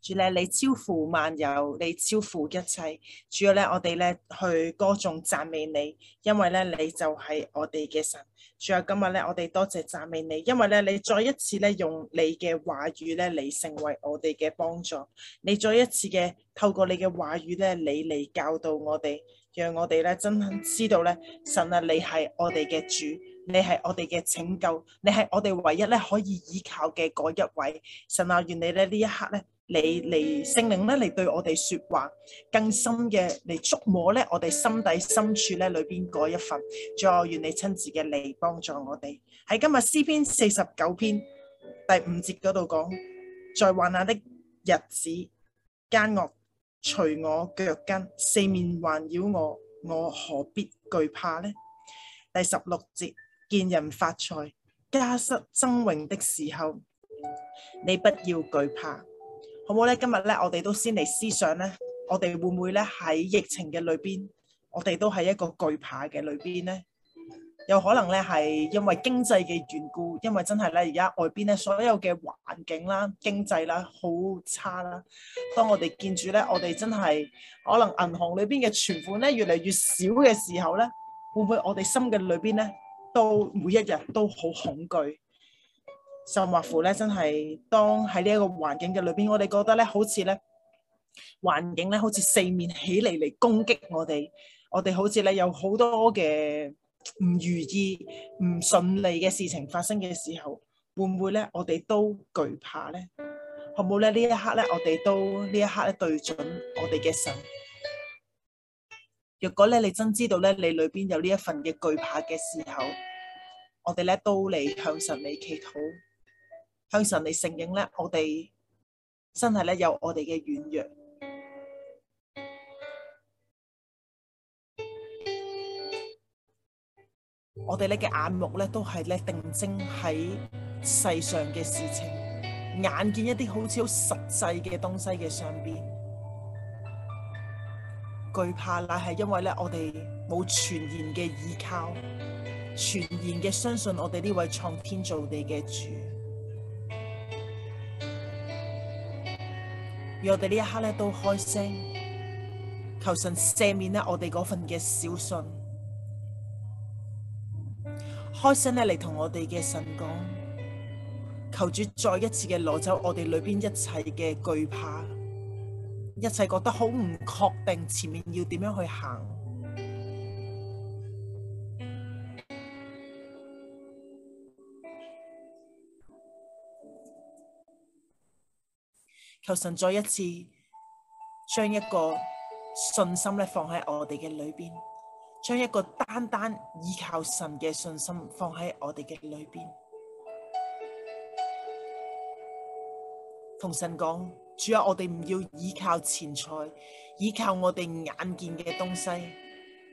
主咧，你超乎萬有，你超乎一切。主咧，我哋咧去歌頌讚美你，因為咧你就係我哋嘅神。主，有今日咧，我哋多謝讚美你，因為咧你再一次咧用你嘅話語咧，你嚟成為我哋嘅幫助。你再一次嘅透過你嘅話語咧，你嚟教導我哋，讓我哋咧真知道咧神啊，你係我哋嘅主。你係我哋嘅拯救，你係我哋唯一咧可以依靠嘅嗰一位神啊！願你咧呢一刻咧，你嚟聖靈咧嚟對我哋說話，更深嘅嚟觸摸咧我哋心底深處咧裏邊嗰一份。再願你親自嘅嚟幫助我哋喺今日詩篇四十九篇第五節嗰度講，在患難的日子，奸惡隨我腳跟，四面環繞我，我何必懼怕呢？第十六節。見人發財、家室爭榮的時候，你不要懼怕，好唔好咧？今日咧，我哋都先嚟思想咧，我哋會唔會咧喺疫情嘅裏邊，我哋都係一個懼怕嘅裏邊咧？有可能咧係因為經濟嘅緣故，因為真係咧而家外邊咧所有嘅環境啦、經濟啦好差啦。當我哋見住咧，我哋真係可能銀行裏邊嘅存款咧越嚟越少嘅時候咧，會唔會我哋心嘅裏邊咧？都每一日都好恐懼，甚或乎咧真係當喺呢一個環境嘅裏邊，我哋覺得咧好似咧環境咧好似四面起嚟嚟攻擊我哋，我哋好似咧有好多嘅唔如意、唔順利嘅事情發生嘅時候，會唔會咧我哋都懼怕咧？好唔好咧呢一刻咧我哋都呢一刻咧對準我哋嘅手。若果咧你真知道咧你裏邊有呢一份嘅懼怕嘅時候？我哋咧都嚟向神嚟祈禱，向神嚟承認咧，我哋真係咧有我哋嘅軟弱。我哋咧嘅眼目咧都係咧定睛喺世上嘅事情，眼見一啲好似好實際嘅東西嘅上邊，懼怕乃係因為咧我哋冇全然嘅倚靠。全然嘅相信我哋呢位創天造地嘅主，而我哋呢一刻咧都開聲，求神赦免咧我哋嗰份嘅小信，開聲咧嚟同我哋嘅神講，求主再一次嘅攞走我哋裏面一切嘅懼怕，一切覺得好唔確定前面要點樣去行。求神再一次將一個信心咧放喺我哋嘅裏邊，將一個單單依靠神嘅信心放喺我哋嘅裏邊，同神講，主啊，我哋唔要依靠錢財，依靠我哋眼見嘅東西，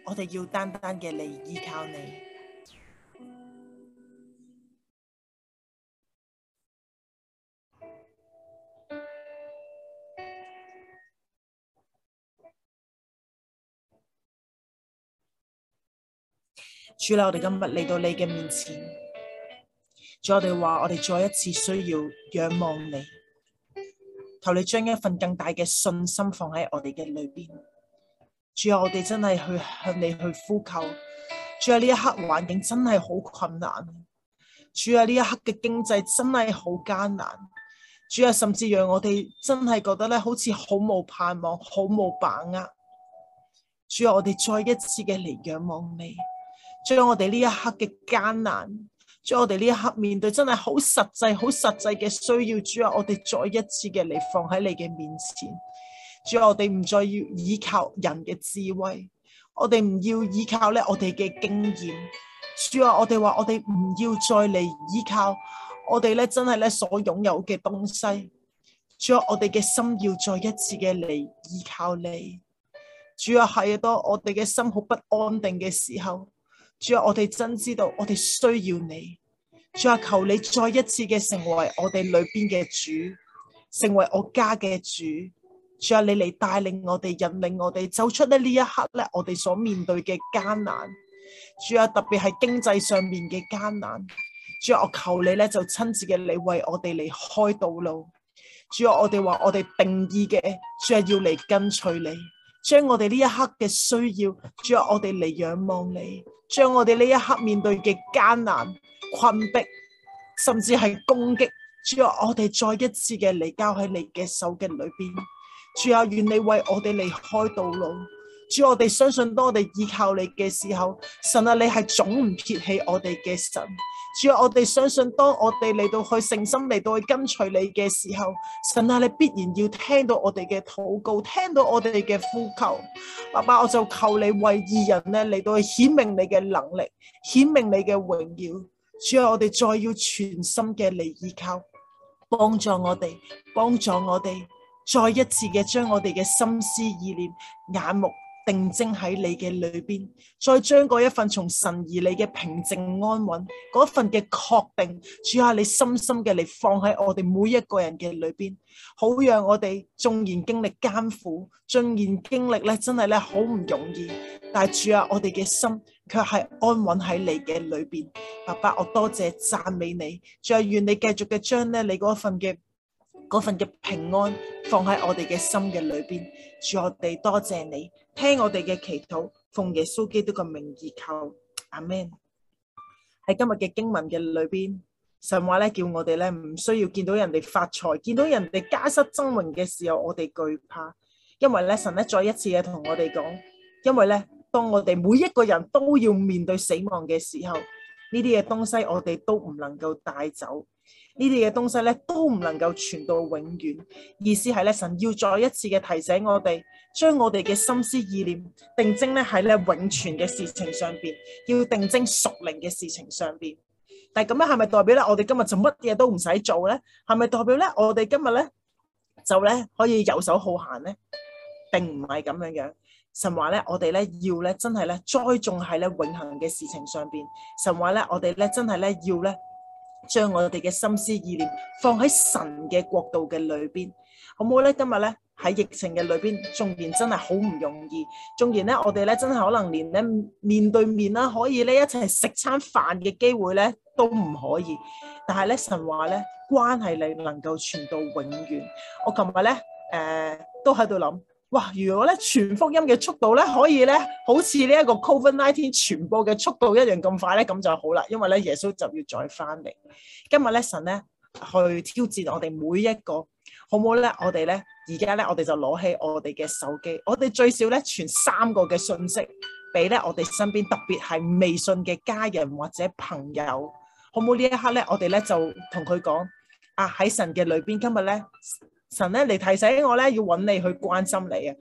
我哋要單單嘅嚟依靠你。主啊，我哋今日嚟到你嘅面前，主啊，我哋話我哋再一次需要仰望你，求你將一份更大嘅信心放喺我哋嘅裏邊。主啊，我哋真係去向你去呼救。主啊，呢一刻環境真係好困難。主啊，呢一刻嘅經濟真係好艱難。主啊，甚至讓我哋真係覺得咧，好似好冇盼望，好冇把握。主啊，我哋再一次嘅嚟仰望你。將我哋呢一刻嘅艱難，將我哋呢一刻面對真係好實際、好實際嘅需要，主啊，我哋再一次嘅嚟，放喺你嘅面前，主啊，我哋唔再要依靠人嘅智慧，我哋唔要依靠咧我哋嘅經驗，主啊，我哋話我哋唔要再嚟依靠我哋咧，真係咧所擁有嘅東西，主啊，我哋嘅心要再一次嘅嚟依靠你，主啊，係當我哋嘅心好不安定嘅時候。主啊，我哋真知道我哋需要你。主啊，求你再一次嘅成為我哋裏邊嘅主，成為我家嘅主。主啊，你嚟帶領我哋、引領我哋，走出呢呢一刻咧，我哋所面對嘅艱難。主啊，特別係經濟上面嘅艱難。主啊，我求你咧就親自嘅你為我哋嚟開道路。主啊，我哋話我哋定義嘅，主啊，要嚟跟隨你。將我哋呢一刻嘅需要，主啊，我哋嚟仰望你；將我哋呢一刻面對嘅艱難、困逼，甚至係攻擊，主啊，我哋再一次嘅嚟交喺你嘅手嘅裏邊。主啊，願你為我哋嚟開道路。主，我哋相信，當我哋依靠你嘅時候，神啊，你係總唔撇棄我哋嘅神。主啊，我哋相信，當我哋嚟到去誠心嚟到去跟隨你嘅時候，神啊，你必然要聽到我哋嘅禱告，聽到我哋嘅呼求。爸爸，我就求你為二人呢嚟到去顯明你嘅能力，顯明你嘅榮耀。主啊，我哋再要全心嘅嚟依靠，幫助我哋，幫助我哋，再一次嘅將我哋嘅心思意念、眼目。定睛喺你嘅裏邊，再將嗰一份從神而嚟嘅平靜安穩，嗰份嘅確定，主下你深深嘅嚟放喺我哋每一個人嘅裏邊，好讓我哋縱然經歷艱苦，縱然經歷呢，真係呢，好唔容易，但係主啊，我哋嘅心卻係安穩喺你嘅裏邊。爸爸，我多謝讚美你，仲係願你繼續嘅將呢你嗰份嘅嗰份嘅平安放喺我哋嘅心嘅裏邊，主我哋多謝你。聽我哋嘅祈禱，奉耶穌基督嘅名義求，阿們，喺今日嘅經文嘅裏邊，神話咧叫我哋咧唔需要見到人哋發財，見到人哋家室增榮嘅時候，我哋懼怕，因為咧神咧再一次嘅同我哋講，因為咧當我哋每一個人都要面對死亡嘅時候，呢啲嘅東西我哋都唔能夠帶走。呢啲嘅東西咧都唔能夠傳到永遠，意思係咧神要再一次嘅提醒我哋，將我哋嘅心思意念定睛咧喺咧永存嘅事情上邊，要定睛屬靈嘅事情上邊。但係咁樣係咪代表咧我哋今日就乜嘢都唔使做咧？係咪代表咧我哋今日咧就咧可以游手好閒咧？並唔係咁樣樣。神話咧我哋咧要咧真係咧栽種喺咧永恆嘅事情上邊。神話咧我哋咧真係咧要咧。將我哋嘅心思意念放喺神嘅角度嘅裏邊，好唔好咧？今日咧喺疫情嘅裏邊，縱然真係好唔容易，縱然咧我哋咧真係可能連咧面對面啦、啊，可以咧一齊食餐飯嘅機會咧都唔可以。但係咧神話咧關係，你能夠傳到永遠。我琴日咧誒都喺度諗。哇！如果咧傳福音嘅速度咧可以咧好似呢一個 Covid Nineteen 傳播嘅速度一樣咁快咧，咁就好啦。因為咧耶穌就要再翻嚟。今日咧神咧去挑戰我哋每一個，好唔好咧？我哋咧而家咧，我哋就攞起我哋嘅手機，我哋最少咧傳三個嘅信息俾咧我哋身邊，特別係微信嘅家人或者朋友，好唔好呢？呢一刻咧我哋咧就同佢講啊喺神嘅裏邊，今日咧。神咧嚟提醒我咧，要揾你去關心你啊，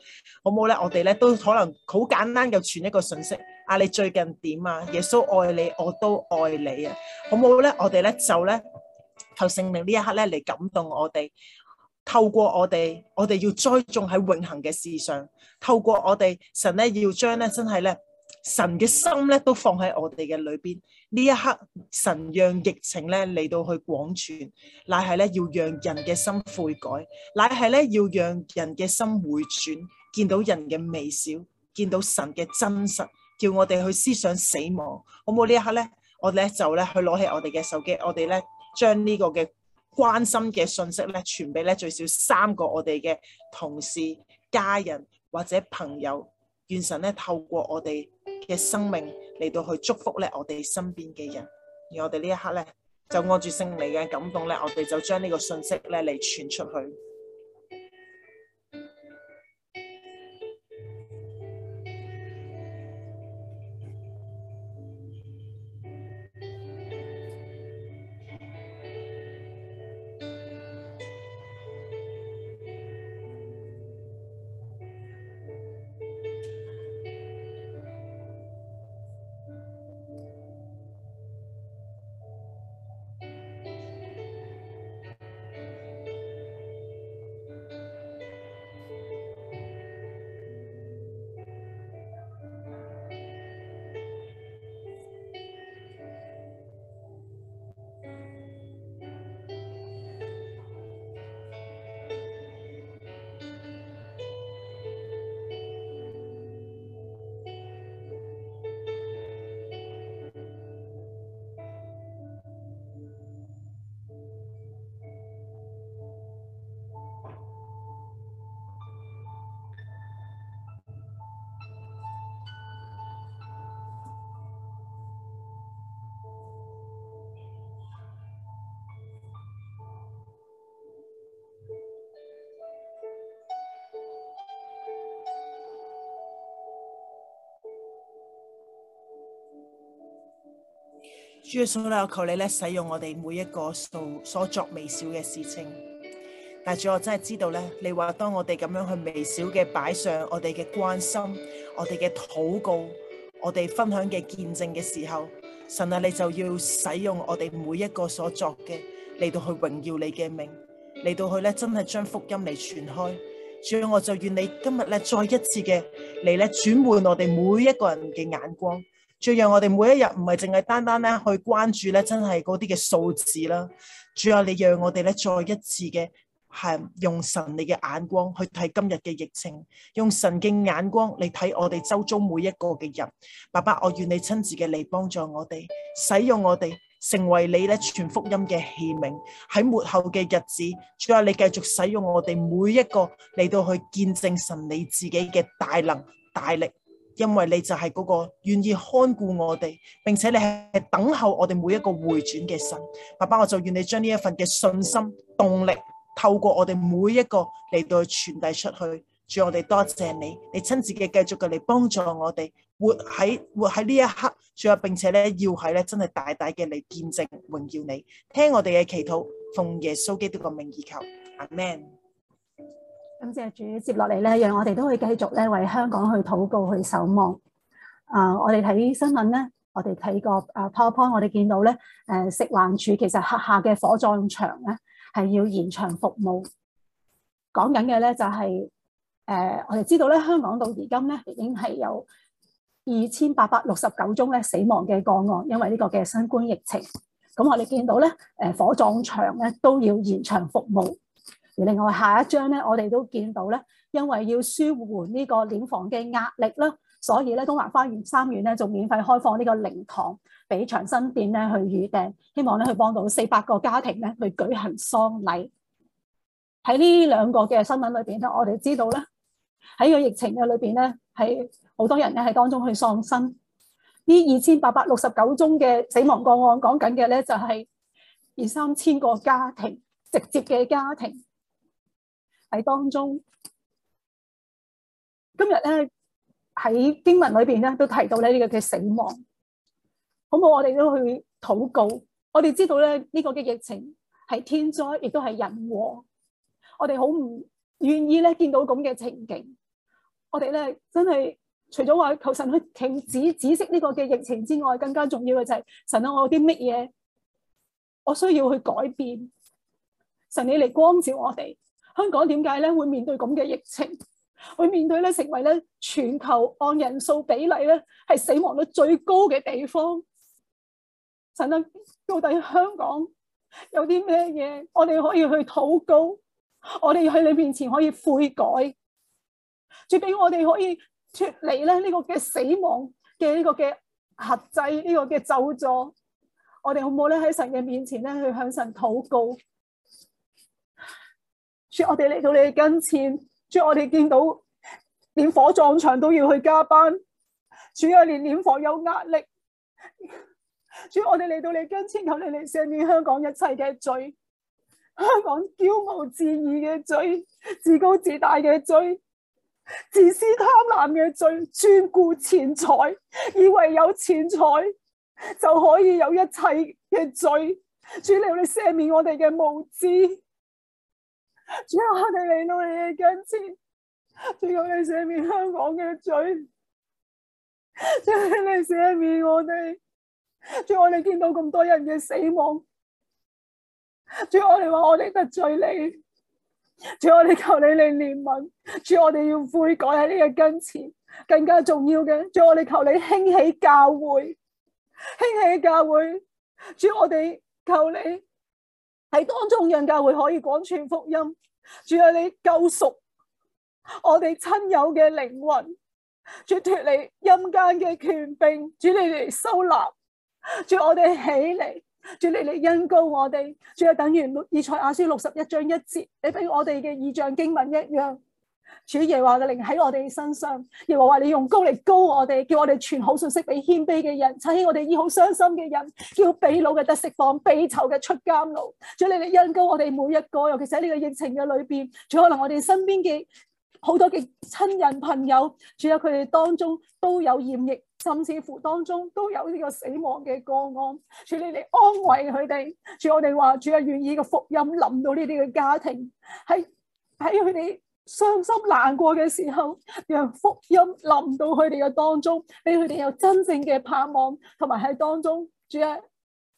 好唔好咧？我哋咧都可能好簡單就傳一個信息，啊，你最近點啊？耶穌愛你，我都愛你啊，好唔好咧？我哋咧就咧求聖靈呢一刻咧嚟感動我哋，透過我哋，我哋要栽種喺永恆嘅事上，透過我哋，神咧要將咧真係咧。神嘅心咧都放喺我哋嘅裏邊，呢一刻，神讓疫情咧嚟到去廣傳，乃係咧要讓人嘅心悔改，乃係咧要讓人嘅心回轉，見到人嘅微笑，見到神嘅真實，叫我哋去思想死亡，好冇？呢一刻咧，我哋咧就咧去攞起我哋嘅手機，我哋咧將呢個嘅關心嘅信息咧傳俾咧最少三個我哋嘅同事、家人或者朋友。願神咧透過我哋嘅生命嚟到去祝福咧我哋身邊嘅人，而我哋呢一刻咧就按住聖靈嘅感動咧，我哋就將呢個訊息咧嚟傳出去。主啊，我求你咧，使用我哋每一個所所作微小嘅事情。但主我真係知道咧，你話當我哋咁樣去微小嘅擺上我哋嘅關心、我哋嘅禱告、我哋分享嘅見證嘅時候，神啊，你就要使用我哋每一個所作嘅嚟到去榮耀你嘅名，嚟到去咧真係將福音嚟傳開。所以我就願你今日咧再一次嘅嚟咧轉換我哋每一個人嘅眼光。最讓我哋每一日唔係淨係單單咧去關注咧，真係嗰啲嘅數字啦。主要你讓我哋咧再一次嘅係用神你嘅眼光去睇今日嘅疫情，用神嘅眼光嚟睇我哋周遭每一個嘅人。爸爸，我願你親自嘅嚟幫助我哋，使用我哋成為你咧傳福音嘅器皿。喺末後嘅日子，主要你繼續使用我哋每一個嚟到去見證神你自己嘅大能大力。因為你就係嗰個願意看顧我哋，並且你係等候我哋每一個回轉嘅神，爸爸，我就願你將呢一份嘅信心動力透過我哋每一個嚟到去傳遞出去，主我哋多謝你，你親自嘅繼續嘅嚟幫助我哋活喺活喺呢一刻，仲有並且咧要喺咧真係大大嘅嚟見證榮耀你，聽我哋嘅祈禱，奉耶穌基督嘅名義求，阿門。咁謝主，接落嚟咧，讓我哋都會繼續咧為香港去禱告、去守望。呃、啊，point, 我哋睇新聞咧，我哋睇過啊 PowerPoint，我哋見到咧，誒食環署其實轄下嘅火葬場咧係要延長服務。講緊嘅咧就係、是、誒、呃，我哋知道咧，香港到而今咧已經係有二千八百六十九宗咧死亡嘅個案，因為呢個嘅新冠疫情。咁、嗯、我哋見到咧，誒火葬場咧都要延長服務。而另外下一章咧，我哋都見到咧，因為要舒緩呢個殮房嘅壓力啦，所以咧，東華花園三院咧，仲免費開放呢個靈堂俾長生店咧去預訂，希望咧去幫到四百個家庭咧去舉行喪禮。喺呢兩個嘅新聞裏邊咧，我哋知道咧喺個疫情嘅裏邊咧，係好多人咧喺當中去喪生。呢二千八百六十九宗嘅死亡個案，講緊嘅咧就係二三千個家庭直接嘅家庭。喺當中，今日咧喺經文裏邊咧都提到咧呢個嘅死亡，咁我哋都去禱告。我哋知道咧呢個嘅疫情係天災，亦都係人禍。我哋好唔願意咧見到咁嘅情景。我哋咧真係除咗話求神去停止止息呢個嘅疫情之外，更加重要嘅就係神啊！我有啲乜嘢我需要去改變？神你嚟光照我哋。香港點解咧會面對咁嘅疫情，會面對咧成為咧全球按人數比例咧係死亡率最高嘅地方？神啊，到底香港有啲咩嘢？我哋可以去禱告，我哋喺你面前可以悔改，最緊要我哋可以脫離咧呢個嘅死亡嘅呢個嘅轄制呢、呢個嘅咒詛。我哋好唔好咧喺神嘅面前咧去向神禱告？主，我哋嚟到你嘅跟前，主，我哋見到連火葬場都要去加班，主啊，連殮房有壓力。主，我哋嚟到你跟前，求你嚟赦免香港一切嘅罪，香港驕傲自義嘅罪，自高自大嘅罪，自私貪婪嘅罪，專顧錢財，以為有錢財就可以有一切嘅罪。主，求你赦免我哋嘅無知。主我哋嚟到你嘅跟前，主求你赦免香港嘅罪。主求你赦免我哋，主我哋見到咁多人嘅死亡，主我哋話我哋得罪你，主我哋求你嚟憐憫，主我哋要悔改喺呢個跟前，更加重要嘅，主我哋求你興起教會，興起教會，主我哋求你。喺當中，人教會可以廣傳福音，主啊，你救贖我哋親友嘅靈魂，主脫離陰間嘅權柄，主你嚟收納，主我哋起嚟，主你嚟恩膏我哋，主係，等於以賽亞書六十一章一節，你俾我哋嘅異象經文一樣。主耶和華嘅靈喺我哋身上，耶和華話你用高力高我哋，叫我哋傳好信息俾謙卑嘅人，撐起我哋醫好傷心嘅人，叫被擄嘅得釋放，被囚嘅出監牢。主你嚟恩膏我哋每一個，尤其是喺呢個疫情嘅裏邊，主可能我哋身邊嘅好多嘅親人朋友，主有佢哋當中都有染疫，甚至乎當中都有呢個死亡嘅個案。主你嚟安慰佢哋，主我哋話主係願意嘅福音臨到呢啲嘅家庭，喺喺佢哋。傷心難過嘅時候，讓福音臨到佢哋嘅當中，俾佢哋有真正嘅盼望，同埋喺當中，主啊，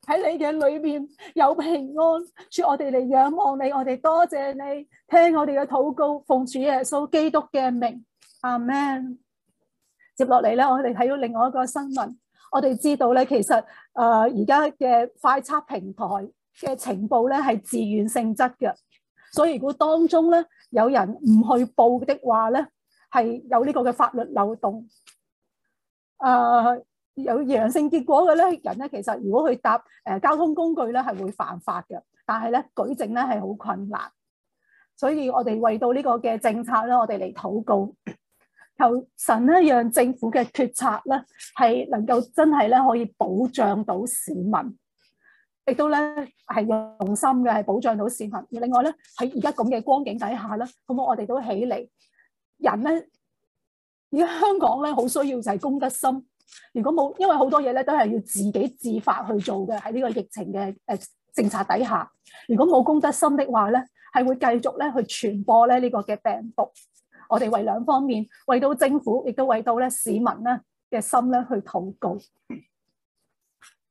喺你嘅裡面有平安。主，我哋嚟仰望你，我哋多謝你，聽我哋嘅禱告，奉主耶穌基督嘅名，阿門。接落嚟咧，我哋睇到另外一個新聞，我哋知道咧，其實誒而家嘅快測平台嘅情報咧係自願性質嘅，所以如果當中咧。有人唔去報的話咧，係有呢個嘅法律漏洞。啊、uh，有陽性結果嘅咧人咧，其實如果去搭誒、呃、交通工具咧，係會犯法嘅。但係咧舉證咧係好困難，所以我哋為到呢個嘅政策咧，我哋嚟禱告，求神咧讓政府嘅決策咧係能夠真係咧可以保障到市民。亦都咧係用心嘅，係保障到市民。另外咧喺而家咁嘅光景底下咧，咁我哋都起嚟人咧，而家香港咧好需要就係公德心。如果冇，因為好多嘢咧都係要自己自發去做嘅，喺呢個疫情嘅誒政策底下。如果冇公德心的話咧，係會繼續咧去傳播咧呢個嘅病毒。我哋為兩方面，為到政府，亦都為到咧市民咧嘅心咧去禱告。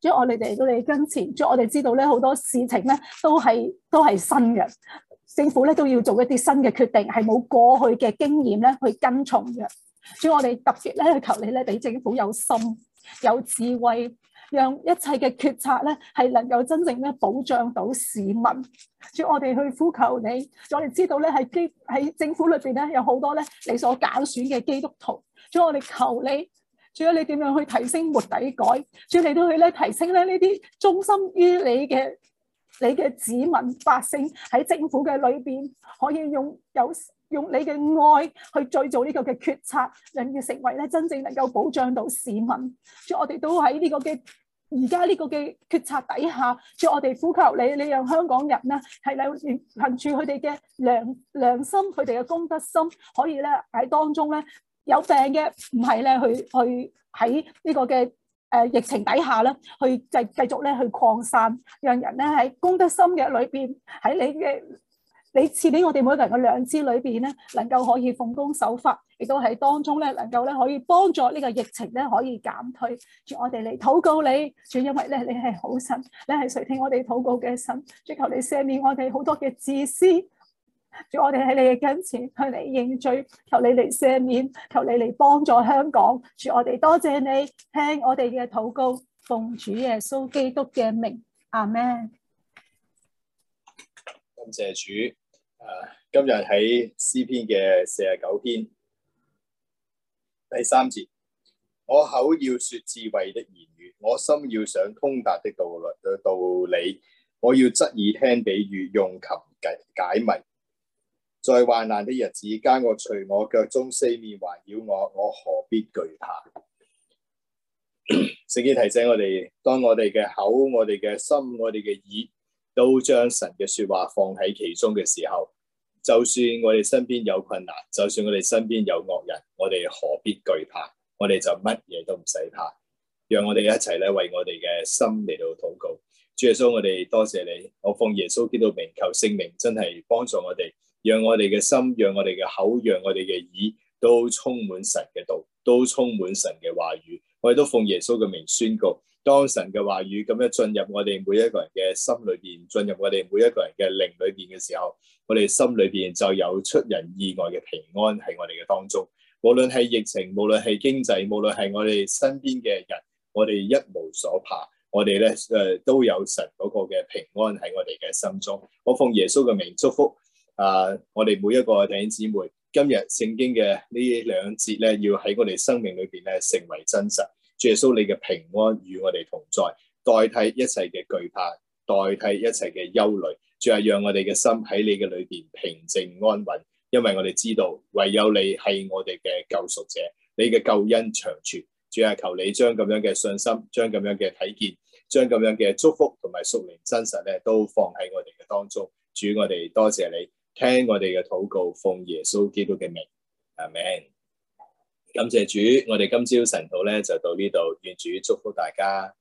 所以我哋嚟到你跟前，所以我哋知道咧好多事情咧都係都係新嘅，政府咧都要做一啲新嘅決定，係冇過去嘅經驗咧去跟從嘅。所以我哋特別咧去求你咧，俾政府有心、有智慧，讓一切嘅決策咧係能夠真正咧保障到市民。所以我哋去呼求你，所以我哋知道咧喺基喺政府裏邊咧有好多咧你所揀選嘅基督徒。所以我哋求你。主要你點樣去提升末底改？主要你都去咧提升咧呢啲忠心於你嘅你嘅子民百姓喺政府嘅裏邊，可以用有用你嘅愛去再做呢個嘅決策，令到成為咧真正能夠保障到市民。所以我哋都喺呢個嘅而家呢個嘅決策底下，所以我哋呼求你，你讓香港人咧係你憑住佢哋嘅良良心，佢哋嘅公德心，可以咧喺當中咧。有病嘅唔係咧，去去喺呢個嘅誒疫情底下咧，去繼繼續咧去擴散，讓人咧喺公德心嘅裏邊，喺你嘅你賜俾我哋每個人嘅良知裏邊咧，能夠可以奉公守法，亦都喺當中咧能夠咧可以幫助呢個疫情咧可以減退。主，我哋嚟禱告你，全因為咧你係好神，你係垂聽我哋禱告嘅神，追求你赦免我哋好多嘅自私。主，我哋喺你嘅跟前向你認罪，求你嚟赦免，求你嚟幫助香港。主，我哋多謝你聽我哋嘅禱告，奉主耶穌基督嘅名，阿門。多謝主。誒，今日喺詩篇嘅四十九篇第三節，我口要說智慧的言語，我心要想通達的道理嘅道理，我要側耳聽比喻，用琴解解謎語。在患難的日子間，我隨我腳中四面環繞我，我何必懼怕？ <coughs> 聖經提醒我哋，當我哋嘅口、我哋嘅心、我哋嘅耳，都將神嘅說話放喺其中嘅時候，就算我哋身邊有困難，就算我哋身邊有惡人，我哋何必懼怕？我哋就乜嘢都唔使怕。讓我哋一齊咧，為我哋嘅心嚟到禱告。主耶穌，我哋多謝，謝你。我奉耶穌基督名求聖名，真係幫助我哋。讓我哋嘅心，讓我哋嘅口，讓我哋嘅耳，都充滿神嘅道，都充滿神嘅話語。我哋都奉耶穌嘅名宣告，當神嘅話語咁樣進入我哋每一個人嘅心裏邊，進入我哋每一個人嘅靈裏邊嘅時候，我哋心裏邊就有出人意外嘅平安喺我哋嘅當中。無論係疫情，無論係經濟，無論係我哋身邊嘅人，我哋一無所怕。我哋咧誒都有神嗰個嘅平安喺我哋嘅心中。我奉耶穌嘅名祝福。啊！Uh, 我哋每一個弟兄姊妹，今日聖經嘅呢兩節咧，要喺我哋生命裏邊咧成為真實。主耶穌，你嘅平安與我哋同在，代替一切嘅懼怕，代替一切嘅憂慮。主啊，讓我哋嘅心喺你嘅裏邊平靜安穩，因為我哋知道唯有你係我哋嘅救贖者，你嘅救恩長存。主啊，求你將咁樣嘅信心，將咁樣嘅睇見，將咁樣嘅祝福同埋屬靈真實咧，都放喺我哋嘅當中。主，我哋多謝你。聽我哋嘅禱告，奉耶穌基督嘅名，阿門。感謝主，我哋今朝神禱咧就到呢度，願主祝福大家。